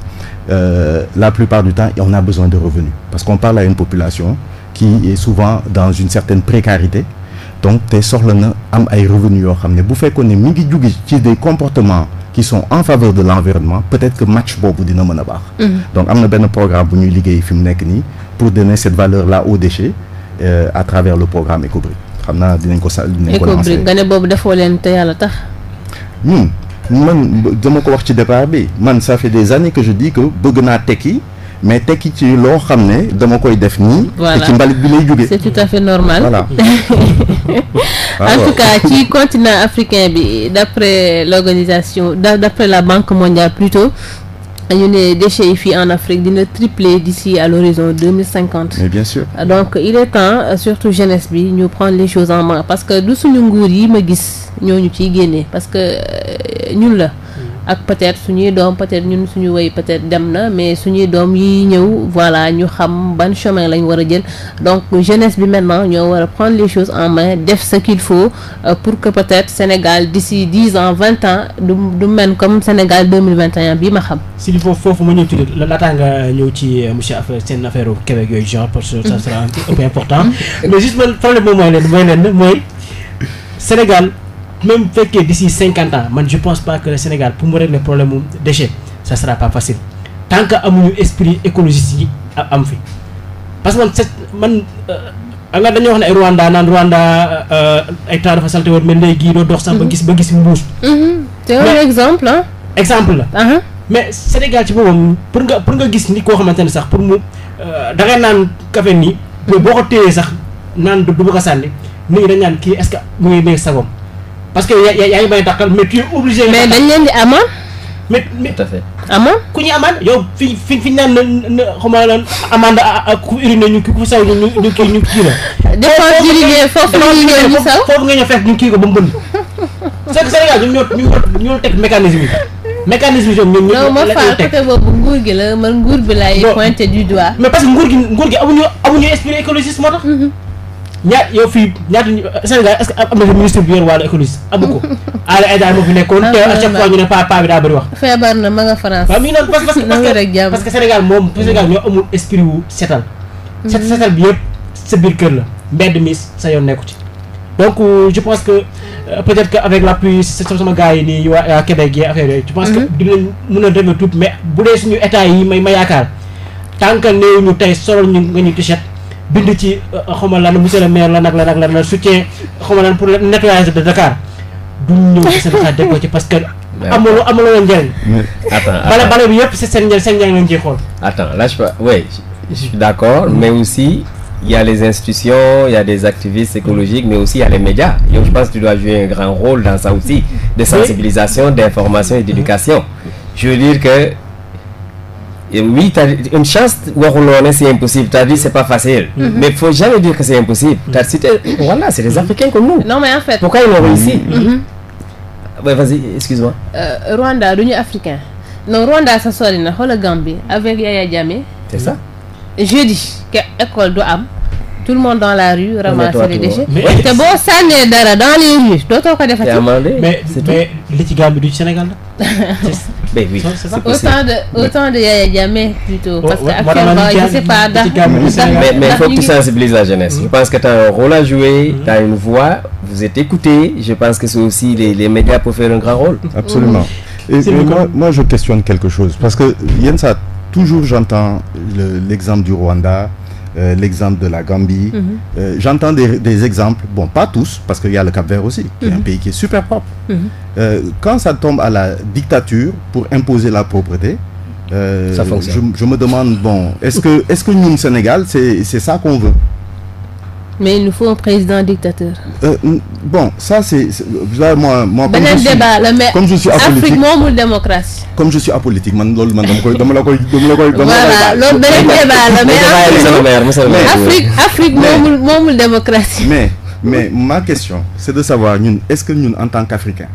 euh, la plupart du temps on a besoin de revenus parce qu'on parle à une population qui est souvent dans une certaine précarité donc te soxla na am ay revenus yoo xam ne bu fekkoon ne mi ngi jóge ci des comportements qui sont en faveur de l'environnement peut-être que match boobu dina mën a baax mmh. donc am na benn programme bu ñuy liggéey fi mu nekk nii pour donner cette valeur là aux déchets euh, à travers le programme xam naa dinañ ko sa dinañ ko lancé nga
ne boobu defoo leen te yàlla tax
ñun hmm. man dama ko wax ci départ bi man ça fait des années que je dis que bëgg naa tekki mais tekki ci loo xam ne dama koy def nii te ci mbalit bi lay jógee c'est
tout à fait normal voilà [LAUGHS] en tout cas ci continent africain bi d'après l'organisation d'après la banque mondiale plutôt ñu ne déchets yi fii en Afrique dina tripler d'ici à l'horizon deux mille cinquante.
mais
donc il est temps euh, surtout jeunesse bi ñu prendre les choses en main parce que du suñu nguur yi ma gis ñoo ñooñu ciy génnee parce que euh, ñun la. ak peut-être suñuy doom peut-être ñun suñu wéy peut dem na mais suñuy doom yi ñëw voilà ñu xam ban chemin lañ war a jël donc jeunesse bi maintenant ñoo war a prendre les choses en main def ce qu'il faut euh, pour que peut-être di si dix ans vingt ans du du comme Sénégal deux mille vingt et un bii ma xam. si foofu foofu ma ñëw ci
laataa nga ñëw ci euh, monsieur affaire seen affaire Québec yooyu genre parce que ça sera un peu important mm. mais juste man problème moom même bu fekkee d'ici cinquante ans man je pense pas que le Sénégal pour mu régler problème mu déchet ça sera pas facile tant que amuñu esprit écologiste yi am fi parce que man set man xam euh, nga dañuy wax ne ay Rwanda naan Rwanda euh, ay temps dafa salte woon mais léegi doo dox sax ba mhm. gis ba gis mbuus.
Mhm. c'est un exemple ah.
exemple la. Uh-huh. mais Sénégal ci boppam pour nga pour nga gis nit koo xamante ne sax pour mu euh, da ngay naan café nii. boo ko téyee sax naan du ma ko sànni nit ñi dañ naan kii est-ce que mu ngi parce que yaa ngi may dàqal mais tu es obligé. mais dañ leen di ama. mais mais tout à fait. ama ku ñu amaan yow fi fi fi ñu naan na xaw ma naan amande ku urine ñu ku saw ñu ñu kii ñu kii la. des fois jërëjëf foofu la ñu ñëw ñu saw foofu nga ñëw fekk ñu kii ko ba mu bënd. c' est que Sénégal ñoom ñoo ñoo ñoo teg mécanisme yi. mécanisme yi ñoom ñoo ma faa
côté boobu nguur gi la man nguur bi laay pointé du doigt. mais parce que nguur
gi nguur gi amuñu amuñu esprit écologiste moo tax. Mm-hmm. ñaat yow fii ñaata euh, Sénégal est-ce que am na fi ministre bi yor wàllu économiste amu ko Aly [LAUGHS] Aïdara moo fi nekkoon te à chaque fois ñu ne paa paa bi daa bëri wax
feebar na ma nga France
waaw Sénégal moom Sénégal ñoo amul esprit wu setal mm-hmm. setal bi yëpp sa biir kër la mbedd mi sa yoon nekku ci donc euh, je pense que euh, peut-être que avec l'appui sama gars yi nii waa Québec yi affaire yooyu je pense que mm-hmm. dinañ mën a demee tuuti mais bu dee suñu état yi may ma yaakaar tant que néew bind ci euh, xawma lan monsieur le maire lan ak lan ak lan soutien xawma lan pour le nettoyage de Dakar duñ ñëw ci seen xaar def ko ci parce que. amuloo amuloo njëriñ.
attends bale bale
bi yëpp si seen njëriñ seen njëriñ lañ ciy xool.
attends lâche pas oui je suis d'accord mais mm. aussi. il y a les institutions, il y a des activistes écologiques, mais aussi il y a les médias. Et je pense que tu dois jouer un grand rôle dans ça aussi, de sensibilisation, d'information et d'éducation. Je veux dire que oui t'as une chance waxuloo ne c'est impossible t'as dit c'est pas facile mm-hmm. mais faut jamais dire que c'est impossible t'as mm-hmm. cité c'est des Africains comme nous non
mais en fait pourquoi ils l'ont réussi mm-hmm.
ouais
euh, Rwanda du ñu africain non Rwanda sa sori na xoolal Gambie avec Yaya Jammeh c'est ça jeudi que école du am tout le monde dans la rue ramasser les déchets te boo sànnee dara dans les rues
dootoo ko defati mais mais li ci Gambie du ci Sénégal [LAUGHS]
c'est
ça
de autant de Yaya parce que actuellement
je sais la jeunesse je mm-hmm. pense que tu as un rôle à jouer mm-hmm. tu une voix vous êtes écouté je pense que c'est aussi les médias pour faire un grand rôle absolument mm-hmm.
et, je questionne quelque chose parce que yenn saa toujours j'entends l'exemple du Rwanda euh, l'exemple de la Gambie. Mm -hmm. euh, J'entends des, des, exemples, bon, pas tous, parce qu'il y a le Cap Vert aussi, qui mm -hmm. est un mhm. pays qui est super propre. Mm -hmm. euh, quand ça tombe à la dictature pour imposer la propreté, euh, ça je, je, me demande, bon, est-ce que, est -ce que nous, au Sénégal, c'est ça qu'on veut
mais il nous faut un président dictateur.
Euh, bon ça c'est là moi. moi comme je suis débat la mais comme je suis
démocratie.
comme je suis apolitique man loolu man dama koy dama la koy dama la voilà loolu beneen débat la mais Afrique Afrique moomul
moomul démocratie.
[LAUGHS] mais mais ma question c'est de savoir ñun est-ce que ñun en tant qu'Africain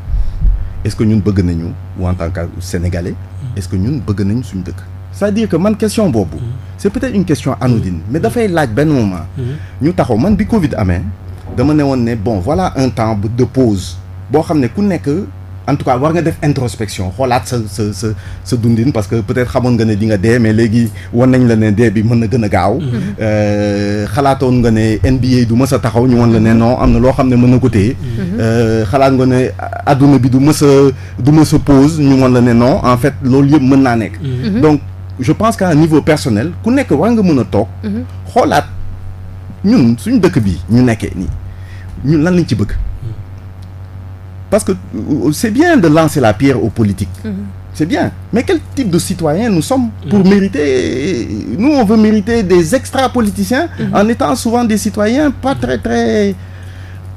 est-ce que ñun bëgg nañu ou en tant que Sénégalais est-ce que ñun bëgg nañu suñu dëkk. c'est-à-dire que man question boobu. Mm-hmm. c'est peut-être une question anodine mm-hmm. mais dafay laaj benn moment. Mm-hmm. ñu taxaw man bi Covid amee. dama ne woon ne bon voilà un temps de pause boo xam ne ku nekk. en tout cas war nga def introspection xoolaat sa sa sa sa dundin parce que peut-être xamoon nga ne di nga dee mais léegi wan nañ la ne dee bi mën na gën a gaaw. Euh, xalaatoon nga ne NBA du mës a taxaw ñu woon la ne noon am na loo xam ne mën na ko té euh, xalaat nga ne adduna bi du mës a du mës a pause ñu wan la ne non en fait loolu yëpp mën naa nekk. je pense qu'à un niveau personnel ku nekk war nga mën a toog. Mhm. xoolaat ñun suñu dëkk bii ñu nekkee nii ñun lan lañ ci bëgg. parce que euh, c'est bien de lancer la pierre aux politiques. Mmh. c'est bien mais quel type de citoyen nous sommes. Mhm. pour mmh. mériter nous on veut mériter des extra politiciens. Mmh. en étant souvent des citoyens pas très très.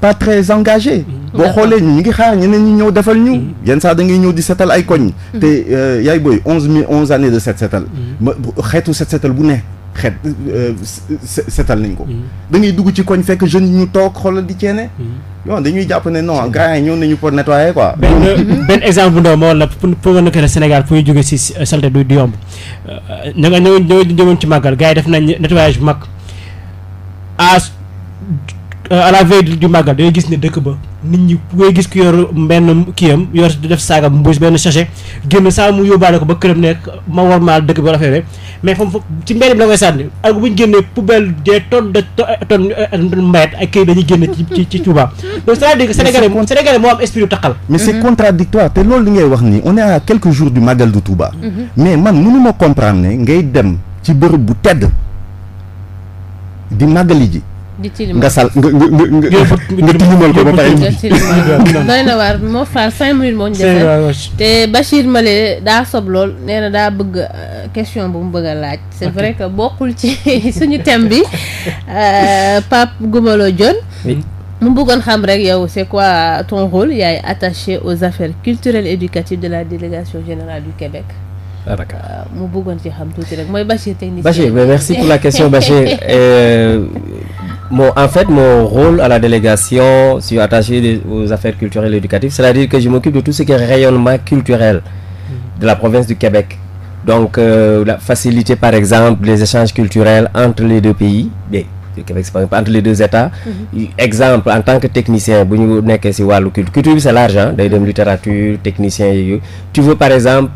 pas très engagé boo xoolee ñu ngi xaar ñeneen ñu ñëw defal ñu yenn saa da ngay ñëw di setal ay koñ mm-hmm. te euh, yaay booy onze mille onze années de set setal mm-hmm. ma xeetu set setal bu ne xeet euh, setal nañ ko mm-hmm. da ngay dugg ci koñ fekk jeunes yi ñu toog xoolal di ceene yow dañuy jàpp ne non gars yi ñëw nañu pour nettoyer quoi benn euh,
benn exemple bu ndaw ma wala pour nga nëkk la Sénégal pour ñu jóge si salte du du yomb ña nga ña nga ñëwoon ci màggal gars yi def nañ nettoyage bu mag Euh, à la veille du màggal day gis ne dëkk ba nit ñi ngay gis ki yor benn kiyam yor di def saagam mbuus benn sachet génn saa mu yóbbaale ko ba këram nekk ma war maal dëkk bi war a feere mais foofu ci mbedd bi la koy sànni ak bu ñu génnee poubelle des tonnes de euh, tonnes mbayet ak këy dañuy génn ci ci Touba donc c'est-à-dire que sénégalais sénégalais moo am esprit yu
taqal mais c'est mhm. contradictoire te loolu li ngay wax nii on est à quelques jours màggal du Touba mhm. mais man mënu ma comprendre ngay dem ci bërëb bu tedd di màggali ji
nga sal
nga nga nga nga tilimal ko ba pare. doy
na waar moo faal cinq minutes moo ñu defee te Bachir Malé daa sob lool nee na daa bëgg euh, question bu mu bëgg a laaj. c'est vrai que bokkul ci [LAUGHS] suñu thème bi euh, Pape Goumalo Dione mu bëggoon xam rek yow c'est quoi ton rôle yaay attaché aux affaires culturelles éducatives de la délégation générale du Québec. waaw ah, euh, mu bëggoon ci xam tuuti rek mooy Bachir technicien. Bachir merci pour la question Bachir.
[LAUGHS] Mon, en fait, mon rôle à la délégation, si attaché aux affaires culturelles et éducatives, c'est-à-dire que je m'occupe de tout ce qui est rayonnement culturel de la province du Québec. Donc, euh, la faciliter par exemple les échanges culturels entre les deux pays, bien, le Québec, c'est pas entre les deux États. Mm -hmm. Exemple, en tant que technicien, bu ñu nekkee ci wàllu culture, culture bi c'est l'argent day dem littérature technicien yooyu. Tu veux par exemple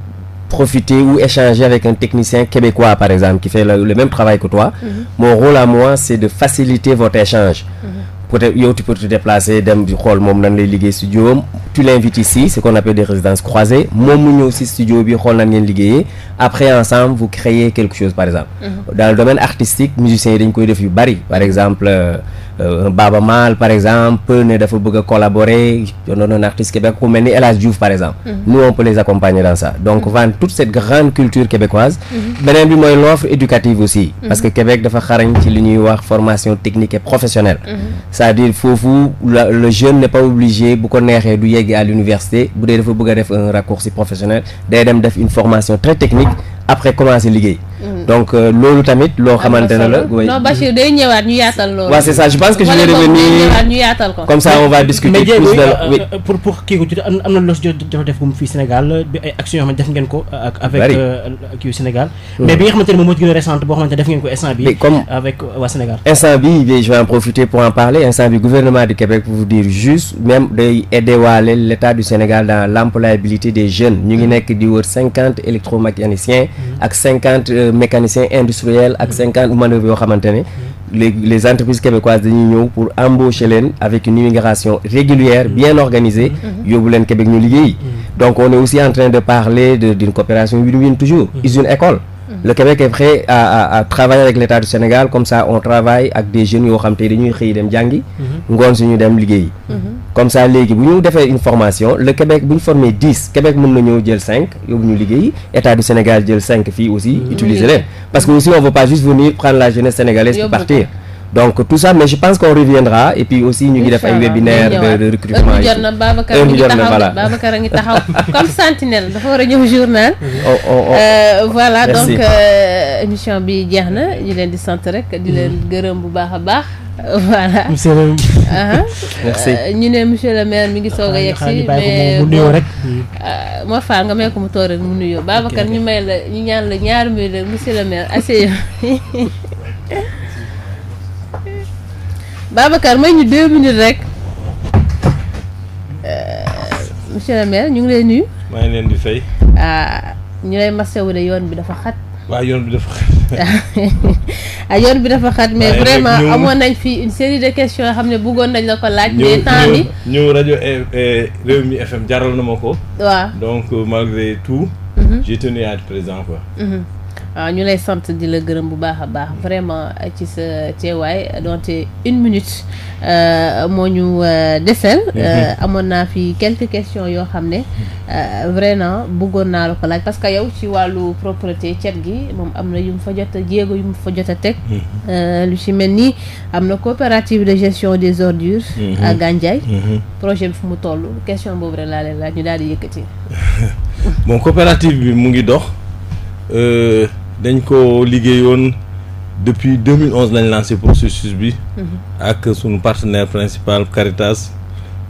profiter ou échanger avec un technicien québécois, par exemple, qui fait le, le même travail que toi, mhm. mon rôle à moi, c'est de faciliter votre échange. Mhm. yow tu peux te déplacer dem di xool moom nan lay liggéey studio am tu l'invites ici ce qu'on appelle des résidences croisées moom mu ñëw ci studio bi xool nan ngeen liggéeyee après ensemble vous créez quelque chose par exemple. Mm -hmm. dans le domaine artistique musiciens yi dañ koy def yu bari par exemple. Euh, un euh, Baaba Maal par exemple ne dafa bëgg a collaborer non un artiste ku mel ni El Hadj Diouf par exemple mhm. nous on peut les accompagner dans ça donc mhm. vendre toute cette grande culture québécoise mhm. beneen bi mooy l'offre éducative aussi parce que Québec dafa xarañ ci li ñuy wax formation technique et professionnelle c'est-à-dire foofu le jeune n'est pas obligé bu ko neexee du yegg à l'université bu dee dafa bëgg a def un raccourci professionnel day dem def une formation très technique après commencer liggéey Mm. donc euh, loolu tamit loo xamante ne la.
non Bachir day ñëwaat ñu yaatal loolu. comme ça
on va discuter euh, euh,
pour pour kii am na loo si jot def gum fii Sénégal bi ay actions yoo xam ne def ngeen ko. avec kii Sénégal. Mm. mais bi nga xamante ne moom moo ci gën a récente boo xamante ne def ngeen ko instant bi comme avec waa Sénégal.
instant bi je en profiter pour en parler instant bi gouvernement du Québec pour vous dire juste même day aider waale l'état du Sénégal dans l'employabilité des jeunes ñu ngi mm. nekk di wër cinquante électromécaniciens ak mécanicien industriel ak cinquante manœuvres yoo xamante ne les entreprises québécoises dañuy ñëw pour embaucher leen avec une immigration régulière bien organisée mhm. yóbbu leen Québec ñu liggéey mhm. donc on est aussi en train de parler d'une coopération win-win toujours mhm. usine école le Québec est prêt à, avec l'État du Sénégal comme ça on travaille ak des jeunes yoo xam te dañuy xëy dem jàngi mhm. ngoon suñu dem liggéeyi mhm. comme ça léegi bu ñu defee une formation le Québec bu ñu formé dix Québec mën na ñëw jël cinq yóbbu ñu liggéeyi État du Sénégal jël cinq fii aussi mhm. utiliser leen parce que aussi on veut pas juste venir prendre la jeunesse sénégalaise pour partir donc tout ça mais je pense qu'on reviendra et puis aussi ñu ngi def ay webinaire de recrutement yi jot ngi taxaw voilà
a ngi taxaw comme sentinelle dafa war a ñëw journal [LAUGHS]
euh, voilà donc
euh, émission bi jeex na ñu leen di sant rek di leen mm-hmm. gërëm bu baax a baax [LAUGHS] voilà monsieur
uh-huh. [LAUGHS] euh,
ñu ne monsieur le maire mi ngi soog a yegg si mais nuyoo rek moo faa nga may ko mu toog rek mu nuyoo Babacar ñu may la ñu ñaan la ñaar muy rek monsieur le maire Babacar may ñu deux minutes rek euh, monsieur le maire ñu ngi lay nuyu.
maa ngi leen di fay.
Ah, ñu lay masawu de yoon bi dafa xat.
waaw yoon bi dafa xat.
[LAUGHS] Ah, bi dafa xat mais vraiment amoon nañ fi une série de questions yoo xam ne bëggoon nañ la ko laaj. mais temps bi
ñëw rajo e, e, Rewmi FM jaral na ma ko. waaw donc malgré tout. Mhm. j'ai tenu à présent quoi.
Mhm. Euh, ñu lay sant di la gërëm bu baax a baax vraiment euh, ci sa teewaay donte une minute euh, moo ñu desel mhm. amoon naa fi quelque question yoo xam ne mhm. vraiment bëggoon naa la ko laaj parce que yow ci wàllu propreté cet gi moom am na yu mu fa jot a jéego yu mu fa jot a teg mhm. lu ci mel ni am na coopérative de gestion des ordures à Gandiaye projet bi fu mu toll question boobu rek laa leen laaj ñu daal di yëkkati
[LAUGHS] bon coopérative bi mu ngi dox dañ ko liggéeyoon depuis 2011 lañ lancé processus bi. Mhm. ak sunu partenaire principal Caritas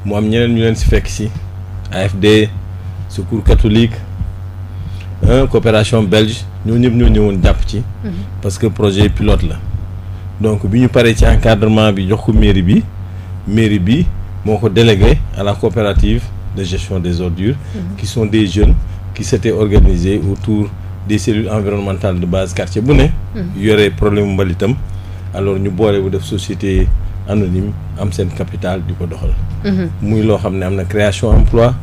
mu am ñeneen ñu leen si fekk si. AFD Secours catholique coopération belge ñoo ñëpp ñoo ñëwoon jàpp ci. Mhm. parce que projet pilote la. donc bi ñu paree ci encadrement bi jox ko mairie bi mairie bi moo ko délégé à la coopérative de gestion des ordures. Mhm. qui sont des jeunes qui s'étaient organisés autour des cellules environnementales de base quartier bu ne. Hmm. yore problème mbalitam alors ñu boole bu def société anonyme am seen capital di ko doxal. Hmm. muy loo xam ne am na création emploi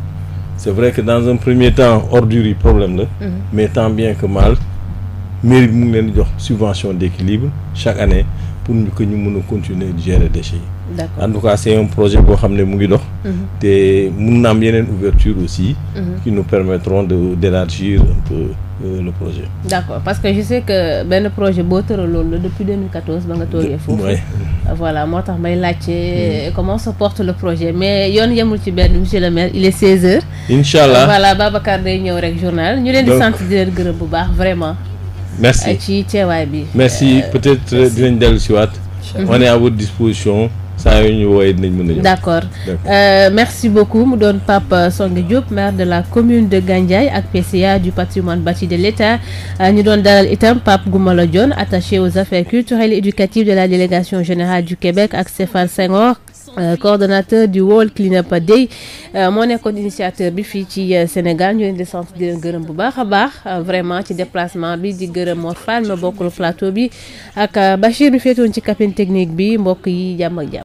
c' est vrai que dans un premier temps ordures yi problème la. Hmm. mais tant bien que mal mairie mu ngi leen di jox subvention d' équilibre chaque année. pour que ñu mun continuer di gérer déchets yi. en tout cas projet boo xam ne mu ngi dox. Mhm. te mun na am yeneen ouverture aussi. Mhm. qui nous permettront de d' élargir un euh, le projet.
d' parce que je sais que benn projet boo tëraloon la depuis 2014 ba nga toogee foofu. voilà moo tax may laajte mhm. comment se porte le projet mais yoon yemul ci benn monsieur le mais il est 16h.
incha allah voilà
Babacar day ñëw rek journal ñu leen di sant di gërëm bu baax vraiment. merci ci teewaay bi. merci euh,
peut-être dinañ dellu si waat. on à votre disposition. saa yu ñu wooyee dinañ mën a. d' accord
euh, merci beaucoup mu doon Pape Songué Diop maire de la commune de Gandiaye ak PCA du patrimoine bâti de l' État euh, ñu doon dalal itam Pape Goumalo Dione attaché aux affaires culturelles et de la délégation générale du Québec ak Stéphane Senghor. Euh, coordonnateur du World Cleanup Day euh, moo nekkoon initiateur bi fii ci euh, Sénégal ñu leen di sant di gërëm bu baax a baax vraiment ci déplacement bi di gërëm Mor Fall ma bokkul plateau bi ak Bachir bi féetoon ci capine technique bi mbokk yi jàmm ak jàmm